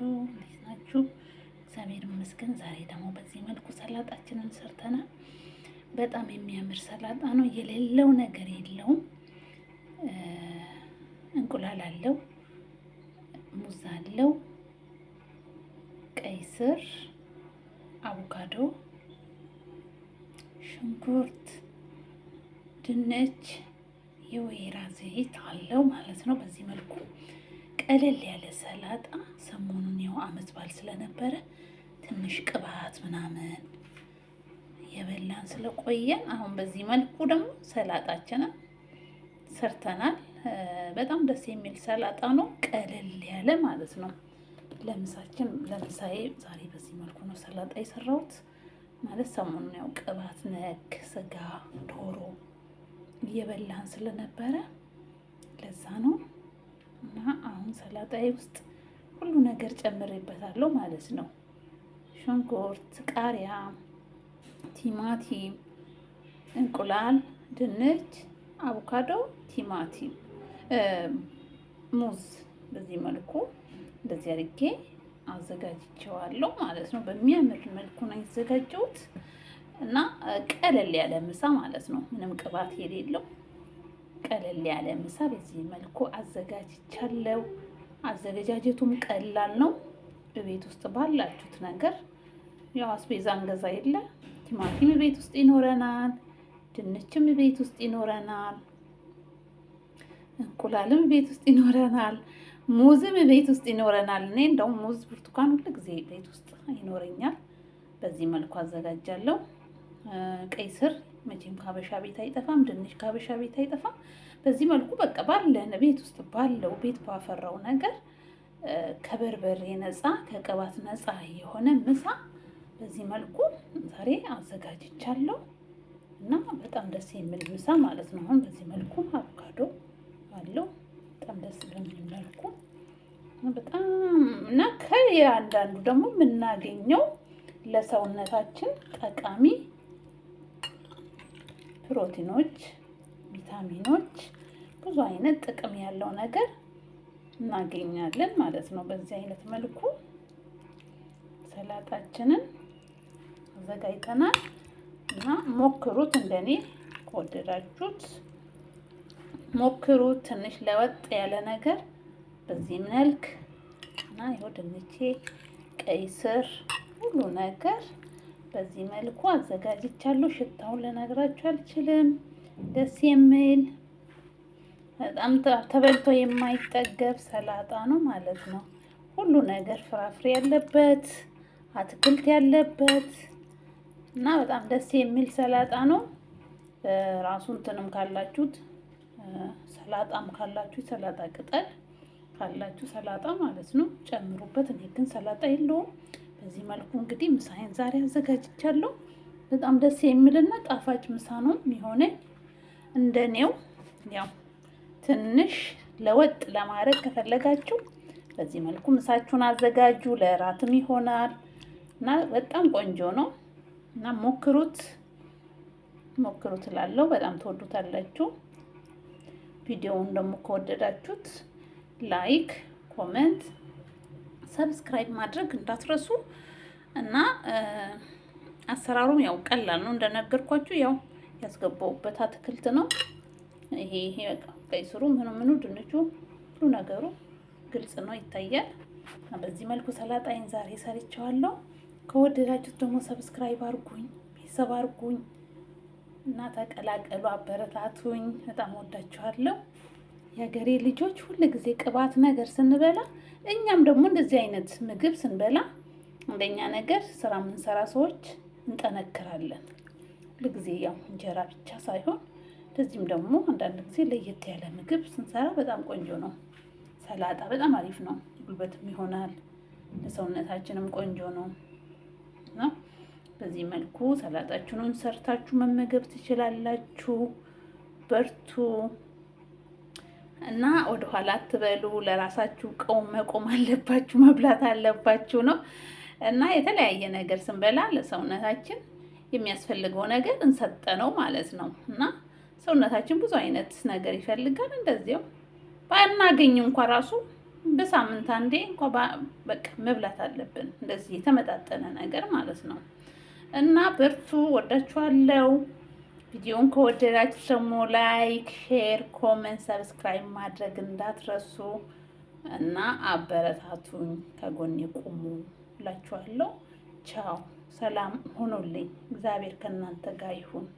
ናችሁ? እንዴት ናችሁ? እግዚአብሔር ይመስገን። ዛሬ ደግሞ በዚህ መልኩ ሰላጣችንን ሰርተናል። በጣም የሚያምር ሰላጣ ነው። የሌለው ነገር የለውም። እንቁላል አለው፣ ሙዝ አለው፣ ቀይ ስር፣ አቮካዶ፣ ሽንኩርት፣ ድንች፣ የወይራ ዘይት አለው ማለት ነው። በዚህ መልኩ ቀለል ያለ ሰላጣ አመት በዓል ስለነበረ ትንሽ ቅባት ምናምን የበላን ስለቆየን አሁን በዚህ መልኩ ደግሞ ሰላጣችንን ሰርተናል። በጣም ደስ የሚል ሰላጣ ነው፣ ቀለል ያለ ማለት ነው። ለምሳችን ለምሳዬ ዛሬ በዚህ መልኩ ነው ሰላጣ የሰራሁት። ማለት ሰሞኑን ያው ቅባት ነክ ስጋ፣ ዶሮ እየበላን ስለነበረ ለዛ ነው እና አሁን ሰላጣ ውስጥ ሁሉ ነገር ጨምሬበታለሁ ማለት ነው። ሽንኩርት፣ ቃሪያ፣ ቲማቲም፣ እንቁላል፣ ድንች፣ አቮካዶ፣ ቲማቲም፣ ሙዝ በዚህ መልኩ እንደዚህ አድርጌ አዘጋጅቸዋለሁ ማለት ነው። በሚያምር መልኩ ነው የተዘጋጀሁት እና ቀለል ያለ ምሳ ማለት ነው። ምንም ቅባት የሌለው ቀለል ያለ ምሳ በዚህ መልኩ አዘጋጅቻለሁ። አዘገጃጀቱም ቀላል ነው። ቤት ውስጥ ባላችሁት ነገር ያው አስቤዛ እንገዛ የለ ቲማቲም ቤት ውስጥ ይኖረናል፣ ድንችም ቤት ውስጥ ይኖረናል፣ እንቁላልም ቤት ውስጥ ይኖረናል፣ ሙዝም ቤት ውስጥ ይኖረናል። እኔ እንደውም ሙዝ፣ ብርቱካን ሁሉ ጊዜ ቤት ውስጥ ይኖረኛል። በዚህ መልኩ አዘጋጃለሁ። ቀይ ስር መቼም ካበሻ ቤት አይጠፋም፣ ድንች ካበሻ ቤት አይጠፋም። በዚህ መልኩ በቃ ባለን ቤት ውስጥ ባለው ቤት ባፈራው ነገር ከበርበሬ ነፃ ከቅባት ነፃ የሆነ ምሳ በዚህ መልኩ ዛሬ አዘጋጅቻለሁ እና በጣም ደስ የሚል ምሳ ማለት ነው። አሁን በዚህ መልኩ አቮካዶ አለው በጣም ደስ በሚል መልኩ በጣም እና ከየአንዳንዱ ደግሞ የምናገኘው ለሰውነታችን ጠቃሚ ፕሮቲኖች፣ ቪታሚኖች፣ ብዙ አይነት ጥቅም ያለው ነገር እናገኛለን ማለት ነው። በዚህ አይነት መልኩ ሰላጣችንን አዘጋጅተናል እና ሞክሩት። እንደኔ ከወደዳችሁት ሞክሩት። ትንሽ ለወጥ ያለ ነገር በዚህ መልክ እና ይኸው ድንቼ፣ ቀይ ስር ሁሉ ነገር በዚህ መልኩ አዘጋጅቻለሁ። ሽታውን ልነግራችሁ አልችልም። ደስ የሚል በጣም ተበልቶ የማይጠገብ ሰላጣ ነው ማለት ነው። ሁሉ ነገር ፍራፍሬ ያለበት፣ አትክልት ያለበት እና በጣም ደስ የሚል ሰላጣ ነው። ራሱ እንትንም ካላችሁት ሰላጣም ካላችሁ ሰላጣ ቅጠል ካላችሁ ሰላጣ ማለት ነው ጨምሩበት። እኔ ግን ሰላጣ የለውም በዚህ መልኩ እንግዲህ ምሳዬን ዛሬ አዘጋጅቻለሁ። በጣም ደስ የሚልና ጣፋጭ ምሳ ነው የሚሆነኝ። እንደኔው ያው ትንሽ ለወጥ ለማድረግ ከፈለጋችሁ በዚህ መልኩ ምሳችሁን አዘጋጁ። ለእራትም ይሆናል እና በጣም ቆንጆ ነው እና ሞክሩት ሞክሩት እላለሁ። በጣም ተወዱታላችሁ። ቪዲዮውን ደግሞ ከወደዳችሁት ላይክ፣ ኮመንት ሰብስክራይብ ማድረግ እንዳትረሱ እና አሰራሩም ያው ቀላል ነው እንደነገርኳችሁ። ያው ያስገባውበት አትክልት ነው ይሄ ይሄ በቃ ቀይ ስሩ ምኑ ምኑ ድንቹ ሁሉ ነገሩ ግልጽ ነው ይታያል። በዚህ መልኩ ሰላጣይን ዛሬ ሰርቼዋለሁ። ከወደዳችሁት ደግሞ ሰብስክራይብ አርጉኝ፣ ቤተሰብ አርጉኝ እና ተቀላቀሉ፣ አበረታቱኝ። በጣም ወዳችኋለሁ። የሀገሬ ልጆች ሁል ጊዜ ቅባት ነገር ስንበላ እኛም ደግሞ እንደዚህ አይነት ምግብ ስንበላ እንደኛ ነገር ስራ የምንሰራ ሰዎች እንጠነክራለን። ሁል ጊዜ ያው እንጀራ ብቻ ሳይሆን እንደዚህም ደግሞ አንዳንድ ጊዜ ለየት ያለ ምግብ ስንሰራ በጣም ቆንጆ ነው። ሰላጣ በጣም አሪፍ ነው። ጉልበትም ይሆናል ለሰውነታችንም ቆንጆ ነው እና በዚህ መልኩ ሰላጣችሁንም ሰርታችሁ መመገብ ትችላላችሁ። በርቱ። እና ወደኋላ አትበሉ። ለራሳችሁ ቀውም መቆም አለባችሁ፣ መብላት አለባችሁ ነው እና የተለያየ ነገር ስንበላ ለሰውነታችን የሚያስፈልገው ነገር እንሰጠነው ማለት ነው። እና ሰውነታችን ብዙ አይነት ነገር ይፈልጋል። እንደዚያው ባናገኝ እንኳ ራሱ በሳምንት አንዴ እንኳ በቃ መብላት አለብን፣ እንደዚህ የተመጣጠነ ነገር ማለት ነው። እና በርቱ፣ ወዳችኋለው። ቪዲዮን ከወደዳችሁ ደግሞ ላይክ፣ ሼር፣ ኮመንት፣ ሰብስክራይብ ማድረግ እንዳትረሱ እና አበረታቱኝ፣ ከጎኔ ቁሙ እላችኋለሁ። ቻው፣ ሰላም ሆኖልኝ። እግዚአብሔር ከእናንተ ጋር ይሁን።